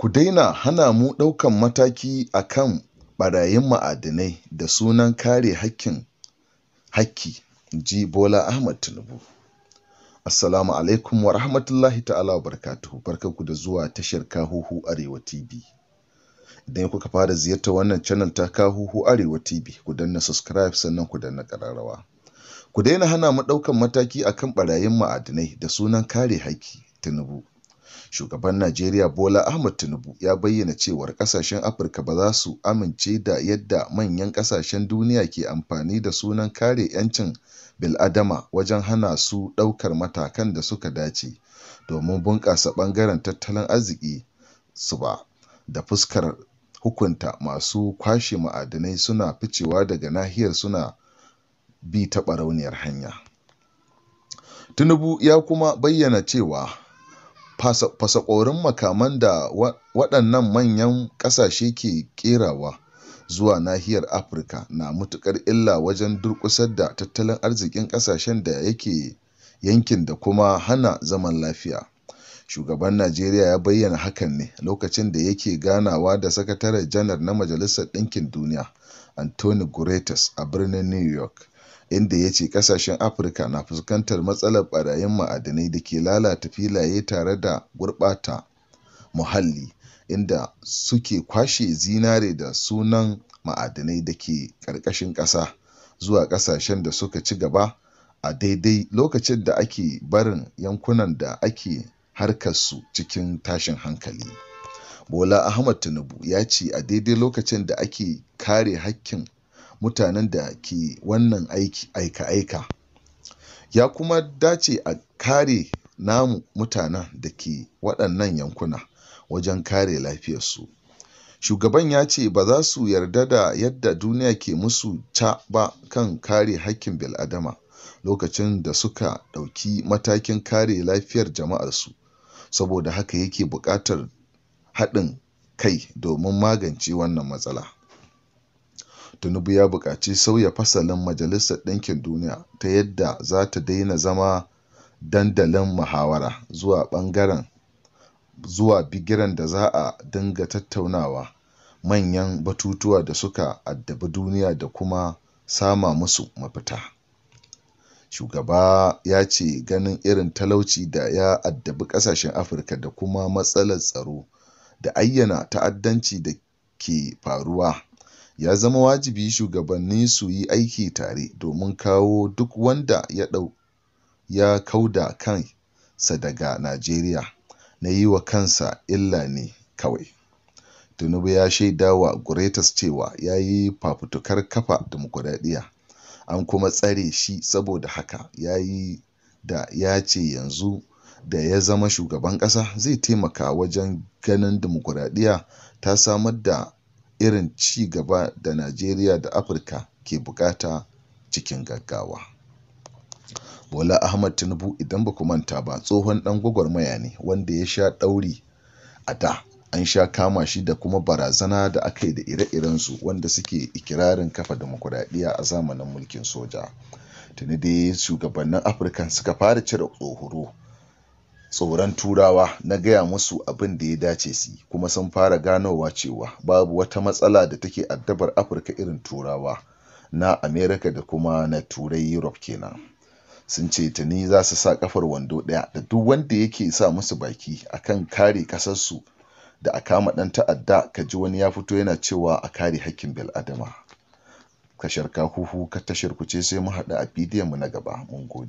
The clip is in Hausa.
Ku daina hana mu ɗaukan mataki a kan ɓarayin ma'adinai da sunan kare haƙƙi, ji Bola Ahmad Tinubu. Assalamu alaikum wa rahmatullahi ta'ala wa barakatuhu. Barkanku da zuwa tashar Kahuhu Arewa TV. Idan kuka fara ziyartar wannan channel ta Kahuhu Arewa TV, ku danna subscribe sannan ku danna ƙararrawa. Ku daina hana mu ɗaukan mataki akan ɓarayin ma'adinai da sunan kare haƙƙi, Tinubu. Shugaban Najeriya Bola Ahmed Tinubu ya bayyana cewar ƙasashen Afirka ba za su amince da yadda manyan ƙasashen duniya ke amfani da sunan kare 'yancin bil'adama wajen hana su ɗaukar matakan da suka dace domin bunƙasa ɓangaren tattalin arziki su ba, da fuskar hukunta masu kwashe ma'adanai suna ficewa daga nahiyar suna bi ta barauniyar hanya. Tinubu ya kuma bayyana cewa fasakorin makaman da waɗannan manyan ƙasashe ke ƙerawa zuwa nahiyar Afirka na matuƙar illa wajen durƙusar da tattalin arzikin ƙasashen da yake yankin da kuma hana zaman lafiya. Shugaban Najeriya ya bayyana hakan ne lokacin da yake ganawa da Sakatare Janar na Majalisar Ɗinkin Duniya, antoni Guterres, a birnin New York. inda ya ce ƙasashen Afirka na fuskantar matsalar ɓarayin ma'adinai da ke lalata filaye tare da gurɓata muhalli, inda suke kwashe zinare da sunan ma'adinai da ke ƙarƙashin ƙasa zuwa ƙasashen da suka ci gaba a daidai lokacin da ake barin yankunan da ake su cikin tashin hankali. Bola Ahmad Tinubu ya ce a daidai lokacin da ake kare hakkin mutanen da ke wannan aika-aika ya kuma dace a kare namu mutanen da ke waɗannan yankuna wajen kare lafiyarsu shugaban ya ce ba za su yarda da yadda duniya ke musu ca ba kan kare haƙƙin bil'adama lokacin da suka ɗauki matakin kare lafiyar jama'arsu saboda haka yake buƙatar haɗin kai domin magance wannan matsala Tunubu ya buƙaci sauya fasalin Majalisar Ɗinkin Duniya ta yadda za ta daina zama dandalin muhawara zuwa ɓangaren zuwa bigiran da za a dinga tattaunawa manyan batutuwa da suka addabi duniya da kuma sama musu mafita. Shugaba ya ce ganin irin talauci da ya addabi ƙasashen Afirka da kuma matsalar tsaro da ayyana ta'addanci da ke faruwa Ya zama wajibi shugabanni su yi aiki tare domin kawo duk wanda ya kauda kansa daga Najeriya na yi wa kansa illa ne kawai. Tinubu ya shaida wa guretas cewa ya yi fafutukar kafa dimokuraɗiyya, an kuma tsare shi saboda haka, ya yi da ya ce yanzu da ya zama shugaban ƙasa, zai taimaka wajen ganin dimokuraɗiyya ta samar da irin ci gaba da Najeriya da Afirka ke buƙata cikin gaggawa. Bola Ahmad Tinubu idan ba ku manta ba tsohon ɗan gwagwarmaya ne wanda ya sha ɗauri a da an sha kama shi da kuma barazana da aka yi da ire-irensu wanda suke ikirarin kafa demokuraɗiyya a zamanin mulkin soja. Tuni dai shugabannin Afirka suka fara cire tsohoro tsoron Turawa na gaya musu abin da ya dace su kuma sun fara ganowa cewa babu wata matsala da take addabar Afirka irin Turawa na Amerika da kuma na Turai Europe kenan. Sun ce tuni za su sa kafar wando ɗaya da duk wanda yake sa musu baki akan kare kasarsu da a kama ɗan ta'adda ka ji wani ya fito yana cewa a kare hakkin bil'adama. Ka sharka ka tashar ku sai mu haɗu a bidiyonmu na gaba. Mun gode.